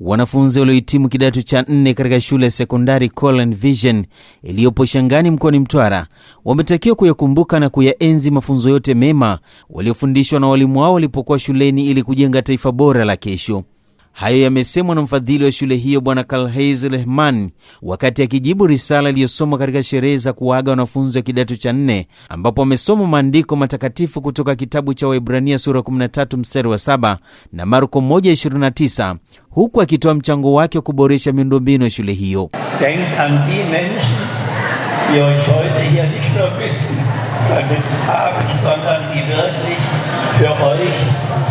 Wanafunzi waliohitimu kidato cha nne katika shule ya sekondari colan Vision iliyopo Shangani mkoani Mtwara wametakiwa kuyakumbuka na kuyaenzi mafunzo yote mema waliofundishwa na walimu wao walipokuwa shuleni ili kujenga taifa bora la kesho. Hayo yamesemwa na mfadhili wa shule hiyo Bwana Kalheiz Rehman wakati akijibu risala iliyosomwa katika sherehe za kuwaaga wanafunzi wa kidato cha nne, ambapo amesoma maandiko matakatifu kutoka kitabu cha waibrania sura 13 mstari wa 7 na Marko 1:29 huku akitoa mchango wake wa kuboresha miundombinu ya shule hiyo. Denkt an die Menschen, die euch heute hier nicht nur wissen können haben, sondern die wirklich für euch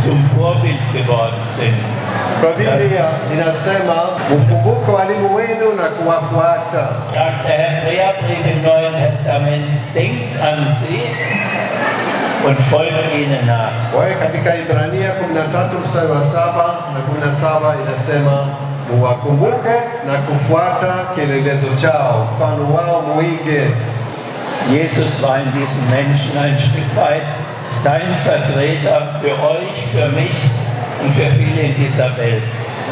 zum Vorbild geworden sind. Kwa Biblia inasema mkumbuke walimu wenu na kuwafuata. Sagt der Hebräer im Neuen Testament, denkt an sie und folgt ihnen nach. Kwa hiyo katika Ibrania 13 mstari wa 7 na 17 inasema muwakumbuke na kufuata kielelezo chao, mfano wao muige. Jesus war in diesen Menschen ein Stück weit sein Vertreter für euch, für mich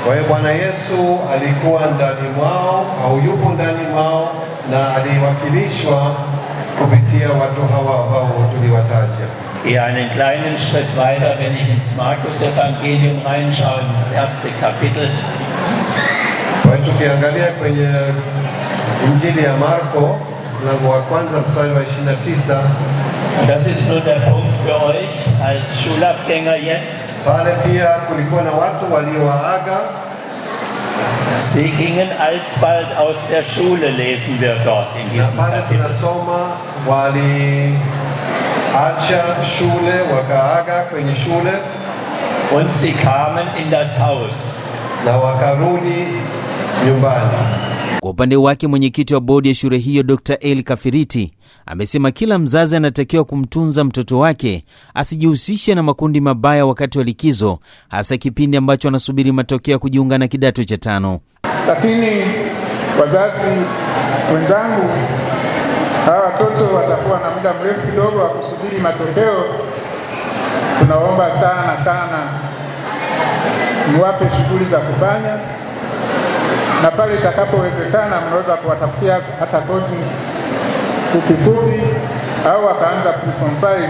Kwa hiyo Bwana Yesu alikuwa ndani mwao au yupo ndani mwao na aliwakilishwa kupitia watu hawa ambao tuliwataja. Ja, yaani, einen kleinen Schritt weiter, wenn ich ins Markus Evangelium reinschaue, ins erste Kapitel. Kwa hiyo tukiangalia kwenye Injili ya Marko Das ist nur der Punkt für euch als Schulabgänger jetzt. Sie gingen alsbald aus der Schule, lesen wir dort in diesem na Kapitel. Und sie kamen in das Haus. Kwa upande wake, mwenyekiti wa bodi ya shule hiyo Dr. el Kafiriti amesema kila mzazi anatakiwa kumtunza mtoto wake asijihusishe na makundi mabaya wakati wa likizo, hasa kipindi ambacho anasubiri matokeo ya kujiunga na kidato cha tano. Lakini wazazi wenzangu, hawa watoto watakuwa na muda mrefu kidogo wa kusubiri matokeo. Tunaomba sana sana mwape shughuli za kufanya na pale itakapowezekana mnaweza kuwatafutia hata kozi fupi fupi au wakaanza form five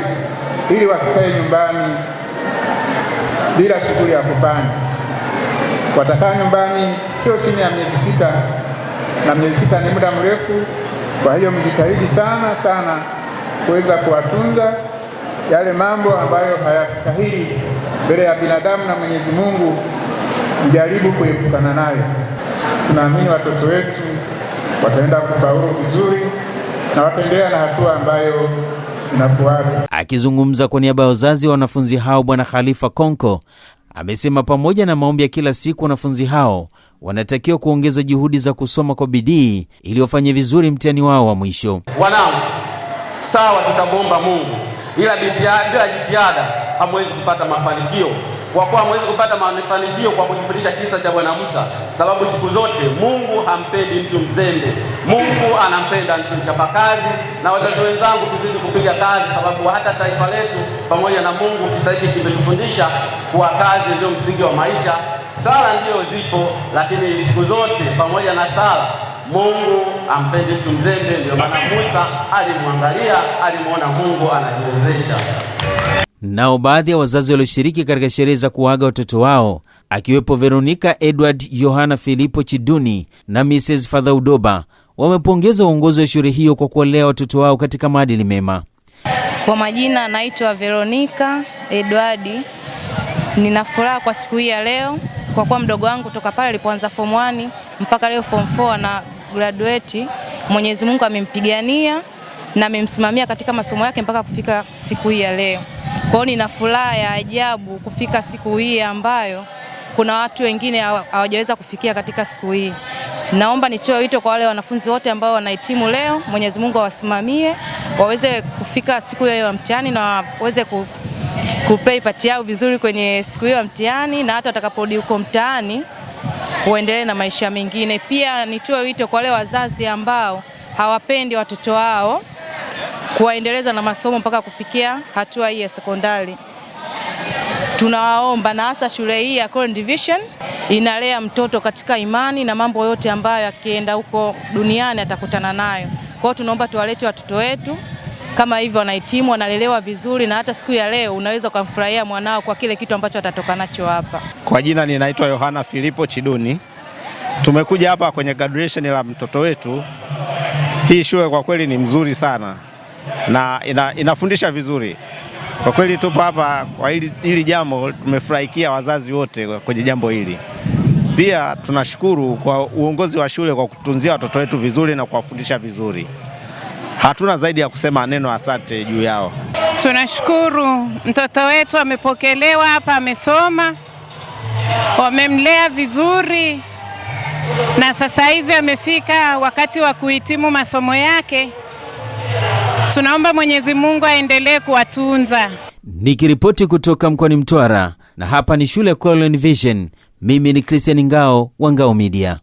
ili wasikae nyumbani bila shughuli ya kufanya. Watakaa nyumbani sio chini ya miezi sita, na miezi sita ni muda mrefu. Kwa hiyo mjitahidi sana sana kuweza kuwatunza yale mambo ambayo hayastahili mbele ya binadamu na Mwenyezi Mungu, mjaribu kuepukana nayo. Tunaamini watoto wetu wataenda kufaulu vizuri na wataendelea na hatua ambayo inafuata. Akizungumza kwa niaba ya wazazi wa wanafunzi hao, Bwana Khalifa Konko amesema pamoja na maombi ya kila siku, wanafunzi hao wanatakiwa kuongeza juhudi za kusoma kwa bidii ili wafanye vizuri mtihani wao wa mwisho. Wanangu, sawa, tutamwomba Mungu, ila bila jitihada hamwezi kupata mafanikio kwa kuwa hamwezi kupata mafanikio kwa kujifundisha kisa cha Bwana Musa, sababu siku zote Mungu hampendi mtu mzembe. Mungu anampenda mtu mchapakazi, na wazazi wenzangu, tuzidi kupiga kazi, sababu hata taifa letu pamoja na Mungu kisa hiki kimetufundisha kuwa kazi ndio msingi wa maisha. Sala ndio zipo, lakini siku zote pamoja na sala Mungu ampendi mtu mzembe. Ndio maana Musa alimwangalia, alimuona Mungu anajiwezesha. Nao baadhi ya wazazi walioshiriki katika sherehe za kuaga watoto wao akiwepo Veronica Edward Yohana Filipo Chiduni na Mrs Father Udoba wamepongeza uongozi wa shule hiyo kwa kuwalea watoto wao katika maadili mema. Kwa majina anaitwa Veronica edwardi Nina furaha kwa siku hii ya leo kwa kuwa mdogo wangu toka pale alipoanza form 1 mpaka leo form 4 na graduate, Mwenyezi Mungu amempigania na amemsimamia katika masomo yake mpaka kufika siku hii ya leo. Kwa hiyo nina furaha ya ajabu kufika siku hii ambayo kuna watu wengine hawajaweza kufikia katika siku hii. Naomba nitoe wito kwa wale wanafunzi wote ambao wanahitimu leo, Mwenyezi Mungu awasimamie waweze kufika siku hiyo ya mtihani na waweze ku kuplay part yao vizuri kwenye siku hiyo ya mtihani, na hata watakaporudi huko mtaani waendelee na maisha mengine. Pia nitoe wito kwa wale wazazi ambao hawapendi watoto wao kuwaendeleza na masomo mpaka kufikia hatua hii ya sekondari. Tunawaomba na hasa shule hii ya Coren Division inalea mtoto katika imani na mambo yote ambayo akienda huko duniani atakutana nayo. Kwa hiyo tunaomba tuwalete watoto wetu kama hivyo, wanahitimu wanalelewa vizuri, na hata siku ya leo unaweza ukamfurahia mwanao kwa kile kitu ambacho atatoka nacho hapa. Kwa jina ninaitwa Yohana Filipo Chiduni. Tumekuja hapa kwenye graduation la mtoto wetu. Hii shule kwa kweli ni mzuri sana na ina, inafundisha vizuri kwa kweli. Tupo hapa kwa hili, hili jambo tumefurahikia wazazi wote kwenye jambo hili. Pia tunashukuru kwa uongozi wa shule kwa kutunzia watoto wetu vizuri na kuwafundisha vizuri. Hatuna zaidi ya kusema neno asante juu yao. Tunashukuru mtoto wetu amepokelewa hapa, amesoma, wamemlea vizuri, na sasa hivi amefika wakati wa kuhitimu masomo yake. Tunaomba Mwenyezi Mungu aendelee kuwatunza. Nikiripoti kutoka mkoani Mtwara, na hapa ni shule ya Vision, mimi ni Christian Ngao wa Ngao Media.